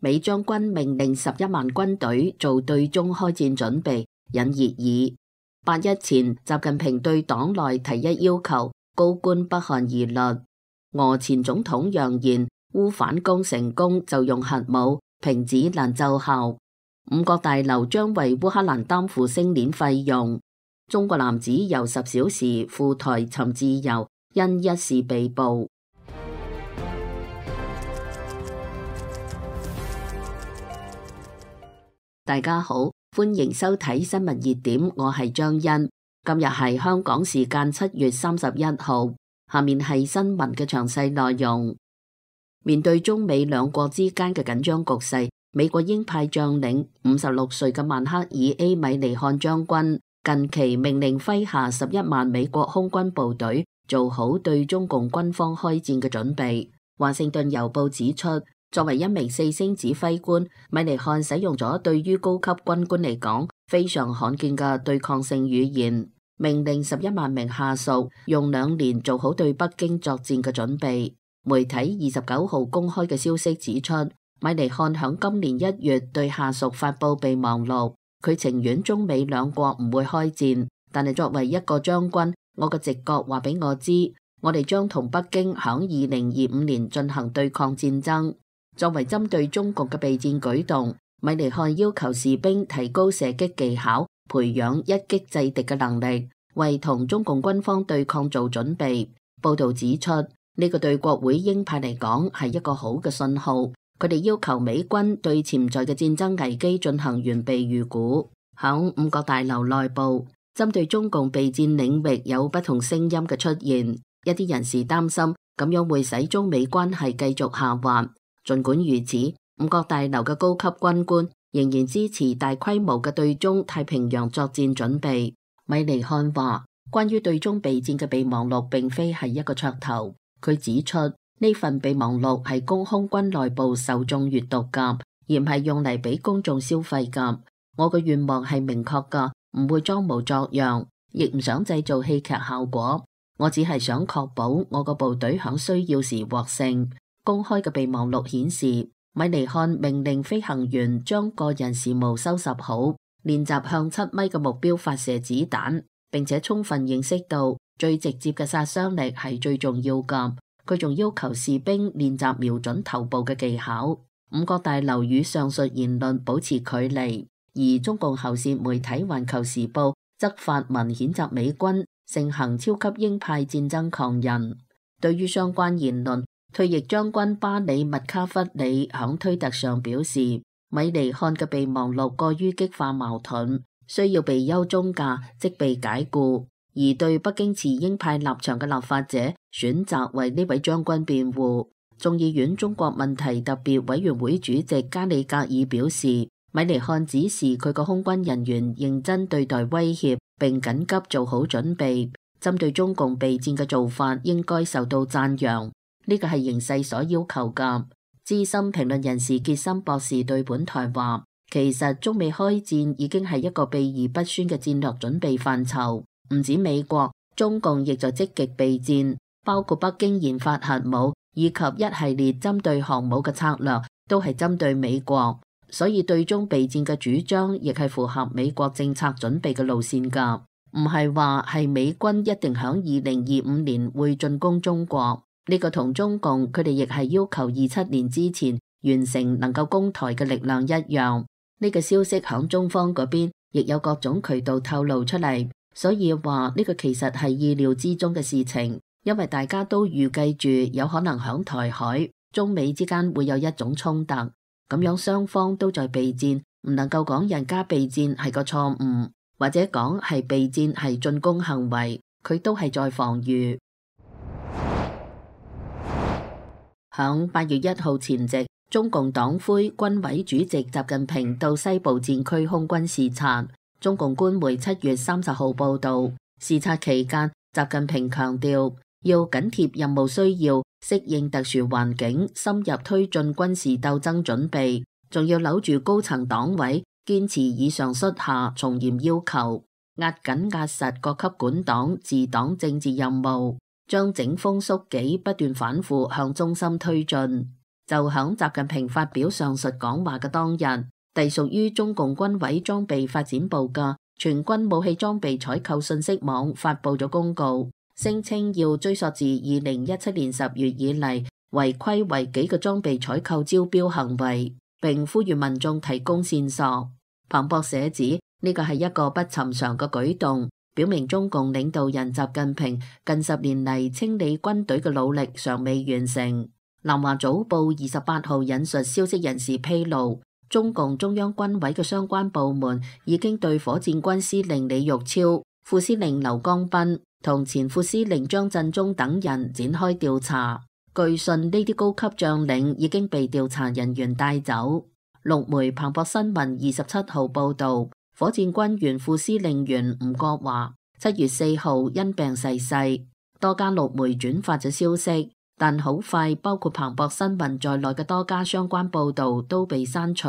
美將軍命令十一萬軍隊做對中開戰準備，引熱議。八一前，習近平對黨內提一要求：高官不寒而慄。俄前總統揚言烏反攻成功就用核武。評指難奏效。五角大樓將為烏克蘭負擔星鏈費用。中國男子遊十小時赴台尋自由，因一事被捕。大家好，歡迎收睇新聞熱點，我係張恩。今日係香港時間七月三十一號，下面係新聞嘅詳細內容。面對中美兩國之間嘅緊張局勢，美國鷹派將領五十六歲嘅邁克爾 ·A· 米尼漢將軍近期命令麾下十一萬美國空軍部隊做好對中共軍方開戰嘅準備。華盛頓郵報指出。作為一名四星指揮官，米尼漢使用咗對於高級軍官嚟講，非常罕見嘅對抗性語言，命令十一萬名下屬用兩年做好對北京作戰嘅準備。媒體二十九號公開嘅消息指出，米尼漢響今年一月對下屬發佈備忘錄，佢情願中美兩國唔會開戰，但係作為一個將軍，我嘅直覺話俾我知，我哋將同北京響二零二五年進行對抗戰爭。作為針對中國嘅備戰舉動，米尼漢要求士兵提高射擊技巧，培養一擊制敵嘅能力，為同中共軍方對抗做準備。報道指出，呢、這個對國會鷹派嚟講係一個好嘅信號。佢哋要求美軍對潛在嘅戰爭危機進行完備預估。響五角大樓內部，針對中共備戰領域有不同聲音嘅出現。一啲人士擔心咁樣會使中美關係繼續下滑。盡管如此，五角大樓嘅高級軍官仍然支持大規模嘅對中太平洋作戰準備。米尼漢話：關於對中備戰嘅備忘錄，並非係一個噱頭。佢指出，呢份備忘錄係供空軍內部受眾閱讀噶，而唔係用嚟俾公眾消費噶。我嘅願望係明確噶，唔會裝模作樣，亦唔想製造戲劇效果。我只係想確保我個部隊響需要時獲勝。公開嘅備忘錄顯示，米尼漢命令飛行員將個人事務收拾好，練習向七米嘅目標發射子彈，並且充分認識到最直接嘅殺傷力係最重要嘅。佢仲要求士兵練習瞄準頭部嘅技巧。五角大樓與上述言論保持距離，而中共喉舌媒體《環球時報》則發文譴責美軍盛行超級鷹派戰爭狂人。對於相關言論，退役將軍巴里·麥卡弗里喺推特上表示，米尼漢嘅備忘錄過於激化矛盾，需要被休中假，即被解雇。而對北京持鷹派立場嘅立法者選擇為呢位將軍辯護。眾議院中國問題特別委員會主席加里·格爾表示，米尼漢指示佢個空軍人員認真對待威脅，並緊急做好準備，針對中共備戰嘅做法應該受到讚揚。呢個係形勢所要求噶。資深評論人士傑森博士對本台話，其實中美開戰已經係一個秘而不宣嘅戰略準備範疇。唔止美國，中共亦在積極備戰，包括北京研發核武以及一系列針對航母嘅策略，都係針對美國。所以對中備戰嘅主張亦係符合美國政策準備嘅路線噶，唔係話係美軍一定響二零二五年會進攻中國。呢個同中共佢哋亦係要求二七年之前完成能夠攻台嘅力量一樣。呢個消息響中方嗰邊亦有各種渠道透露出嚟，所以話呢個其實係意料之中嘅事情，因為大家都預計住有可能響台海中美之間會有一種衝突，咁樣雙方都在備戰，唔能夠講人家備戰係個錯誤，或者講係備戰係進攻行為，佢都係在防禦。響八月一號前夕，中共黨魁軍委主席習近平到西部戰區空軍視察。中共官媒七月三十號報道，視察期間，習近平強調要緊貼任務需要，適應特殊環境，深入推進軍事鬥爭準備，仲要扭住高層黨委，堅持以上率下，從嚴要求，壓緊壓實各級管黨治黨政治任務。將整風肅紀不斷反覆向中心推進，就喺習近平發表上述講話嘅當日，隸屬於中共軍委裝備發展部嘅全軍武器裝備採購信息網發布咗公告，聲稱要追溯自二零一七年十月以嚟違規違紀嘅裝備採購招標行為，並呼籲民眾提供線索。彭博社指呢個係一個不尋常嘅舉動。表明中共領導人習近平近十年嚟，清理軍隊嘅努力尚未完成。南華早報二十八號引述消息人士披露，中共中央軍委嘅相關部門已經對火箭軍司令李玉超、副司令劉江斌同前副司令張振中等人展開調查。據信呢啲高級將領已經被調查人員帶走。陸媒彭博新聞二十七號報道。火箭軍原副司令員吳國華七月四號因病逝世，多家陸媒轉發咗消息，但好快包括彭博新聞在內嘅多家相關報道都被刪除。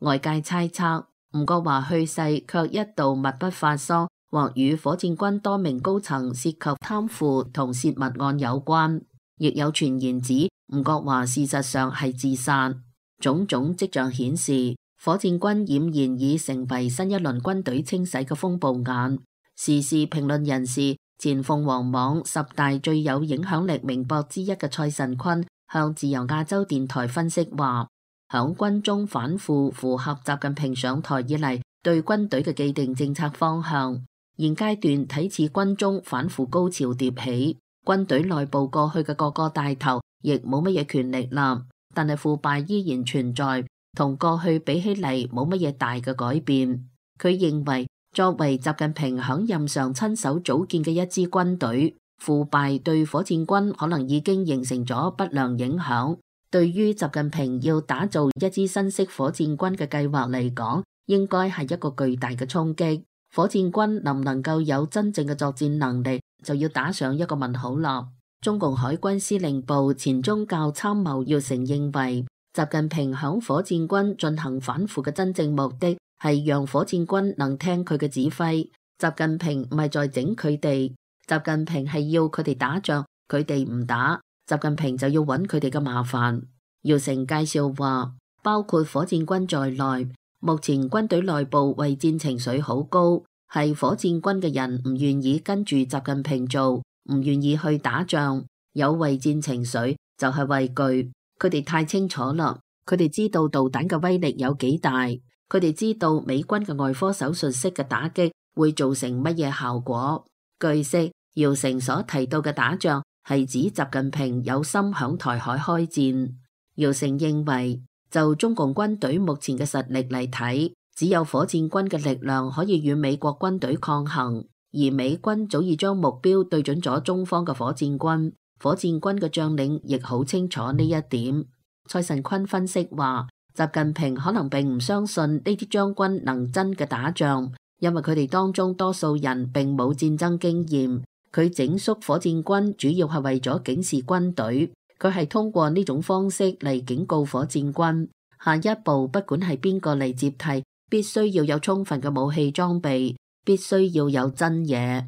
外界猜測吳國華去世卻一度密不發喪，或與火箭軍多名高層涉及貪腐同洩密案有關，亦有傳言指吳國華事實上係自殺。種種跡象顯示，火箭軍儼然已成為新一輪軍隊清洗嘅風暴眼。時事評論人士、前鳳凰網十大最有影響力名博之一嘅蔡慎坤向自由亞洲電台分析話：響軍中反腐符合習近平上台以嚟對軍隊嘅既定政策方向。現階段睇似軍中反腐高潮迭起，軍隊內部過去嘅各個大頭亦冇乜嘢權力啦，但係腐敗依然存在。同過去比起嚟，冇乜嘢大嘅改變。佢認為，作為習近平響任上親手組建嘅一支軍隊，腐敗對火箭軍可能已經形成咗不良影響。對於習近平要打造一支新式火箭軍嘅計劃嚟講，應該係一個巨大嘅衝擊。火箭軍能唔能夠有真正嘅作戰能力，就要打上一個問號啦。中共海軍司令部前中校參謀姚成認為。習近平響火箭軍進行反腐嘅真正目的係讓火箭軍能聽佢嘅指揮。習近平唔係在整佢哋，習近平係要佢哋打仗，佢哋唔打，習近平就要揾佢哋嘅麻煩。姚成介紹話，包括火箭軍在內，目前軍隊內部畏戰情緒好高，係火箭軍嘅人唔願意跟住習近平做，唔願意去打仗，有畏戰情緒就係畏懼。佢哋太清楚啦，佢哋知道導彈嘅威力有幾大，佢哋知道美軍嘅外科手術式嘅打擊會造成乜嘢效果。據悉，姚成所提到嘅打仗係指習近平有心響台海開戰，姚成認為就中共軍隊目前嘅實力嚟睇，只有火箭軍嘅力量可以與美國軍隊抗衡，而美軍早已將目標對準咗中方嘅火箭軍。火箭軍嘅將領亦好清楚呢一點，蔡慎坤分析話：習近平可能並唔相信呢啲將軍能真嘅打仗，因為佢哋當中多數人並冇戰爭經驗。佢整肅火箭軍主要係為咗警示軍隊，佢係通過呢種方式嚟警告火箭軍，下一步不管係邊個嚟接替，必須要有充分嘅武器裝備，必須要有真嘢。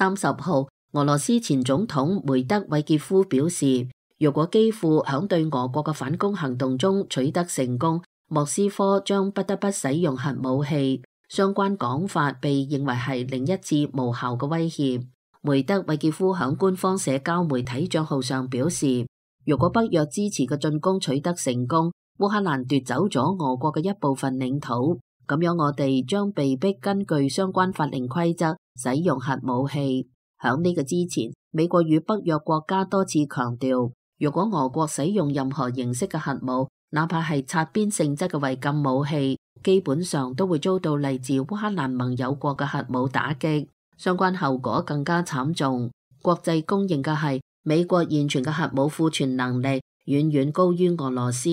三十號，俄羅斯前總統梅德韋傑夫表示，如果基輔響對俄國嘅反攻行動中取得成功，莫斯科將不得不使用核武器。相關講法被認為係另一次無效嘅威脅。梅德韋傑夫響官方社交媒體賬號上表示，如果北約支持嘅進攻取得成功，烏克蘭奪走咗俄國嘅一部分領土。咁樣，我哋將被迫根據相關法令規則使用核武器。響呢個之前，美國與北約國家多次強調，如果俄國使用任何形式嘅核武，哪怕係擦邊性質嘅違禁武器，基本上都會遭到來自烏克蘭盟友國嘅核武打擊，相關後果更加慘重。國際公認嘅係，美國現存嘅核武庫存能力遠遠高於俄羅斯。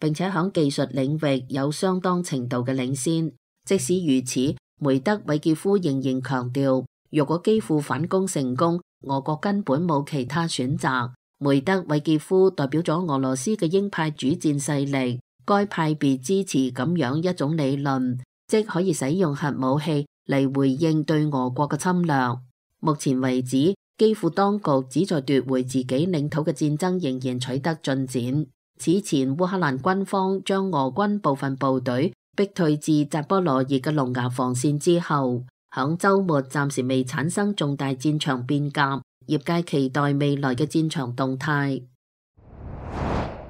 並且喺技術領域有相當程度嘅領先。即使如此，梅德韋傑夫仍然強調，如果基輔反攻成功，俄國根本冇其他選擇。梅德韋傑夫代表咗俄羅斯嘅鷹派主戰勢力，該派別支持咁樣一種理論，即可以使用核武器嚟回應對俄國嘅侵略。目前為止，基輔當局只在奪回自己領土嘅戰爭仍然取得進展。此前烏克蘭軍方將俄軍部分部隊逼退至扎波羅熱嘅龍牙防線之後，響週末暫時未產生重大戰場變革。業界期待未來嘅戰場動態。《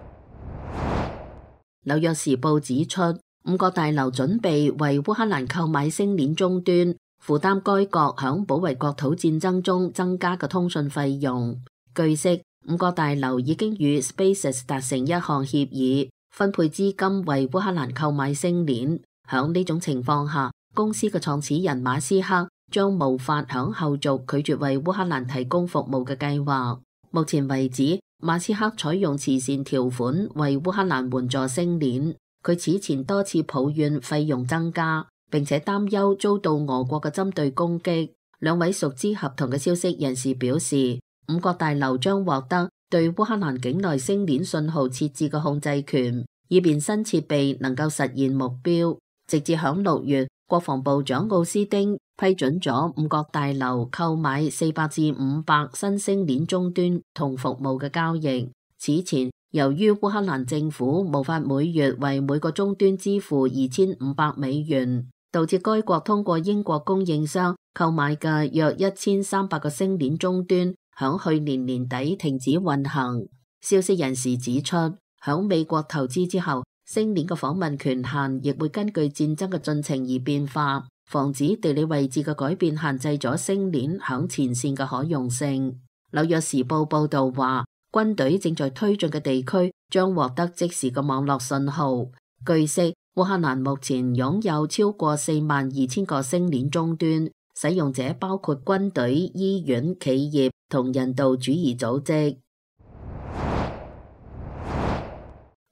紐約時報》指出，五角大樓準備為烏克蘭購買星鏈終端，負擔該國響保衛國土戰爭中增加嘅通訊費用。據悉，五角大樓已經與 Spaces 達成一項協議，分配資金為烏克蘭購買星鏈。喺呢種情況下，公司嘅創始人馬斯克將無法響後續拒絕為烏克蘭提供服務嘅計劃。目前為止，馬斯克採用慈善條款為烏克蘭援助星鏈。佢此前多次抱怨費用增加，並且擔憂遭到俄國嘅針對攻擊。兩位熟知合同嘅消息人士表示。五角大樓將獲得對烏克蘭境內星鏈信號設置嘅控制權，以便新設備能夠實現目標。直至響六月，國防部長奧斯汀批准咗五角大樓購買四百至五百新星鏈終端同服務嘅交易。此前，由於烏克蘭政府無法每月為每個終端支付二千五百美元，導致該國通過英國供應商購買嘅約一千三百個星鏈終端。響去年年底停止運行。消息人士指出，響美國投資之後，星鏈嘅訪問權限亦會根據戰爭嘅進程而變化。防止地理位置嘅改變限制咗星鏈響前線嘅可用性。紐約時報報道話，軍隊正在推進嘅地區將獲得即時嘅網絡信號，據悉，烏克蘭目前擁有超過四萬二千個星鏈終端。使用者包括軍隊、醫院、企業同人道主義組織。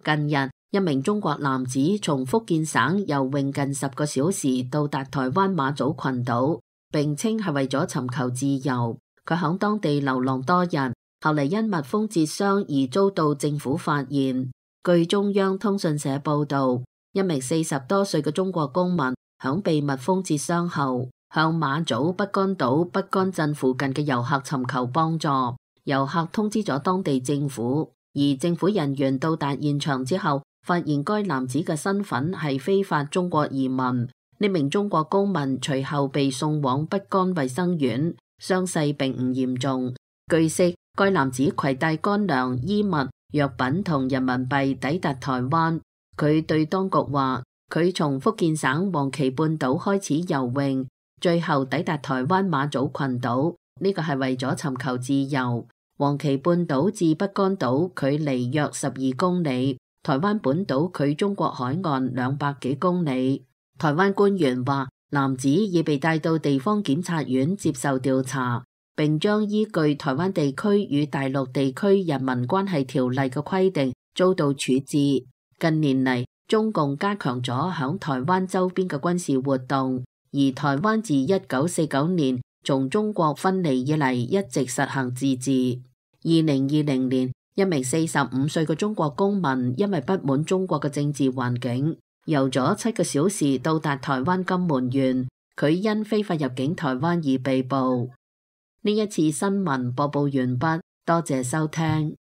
近日，一名中國男子從福建省游泳近十個小時到達台灣馬祖群島，並稱係為咗尋求自由。佢響當地流浪多日，後嚟因蜜蜂蜇傷而遭到政府發現。據中央通訊社報道，一名四十多歲嘅中國公民響被蜜蜂蜇傷後。向馬祖北竿島北竿鎮附近嘅遊客尋求幫助。遊客通知咗當地政府，而政府人員到達現場之後發現該男子嘅身份係非法中國移民。呢名中國公民隨後被送往北竿衛生院，傷勢並唔嚴重。據悉，該男子攜帶乾糧衣物、藥品同人民幣抵達台灣，佢對當局話，佢從福建省黃岐半島開始游泳。最後抵達台灣馬祖群島，呢個係為咗尋求自由。黃岐半島至北竿島距離約十二公里，台灣本島距中國海岸兩百幾公里。台灣官員話，男子已被帶到地方檢察院接受調查，並將依據台灣地區與大陸地區人民關係條例嘅規定遭到處置。近年嚟，中共加強咗響台灣周邊嘅軍事活動。而台灣自一九四九年從中國分離以嚟，一直實行自治。二零二零年，一名四十五歲嘅中國公民，因為不滿中國嘅政治環境，遊咗七個小時到達台灣金門縣，佢因非法入境台灣而被捕。呢一次新聞播報完畢，多謝收聽。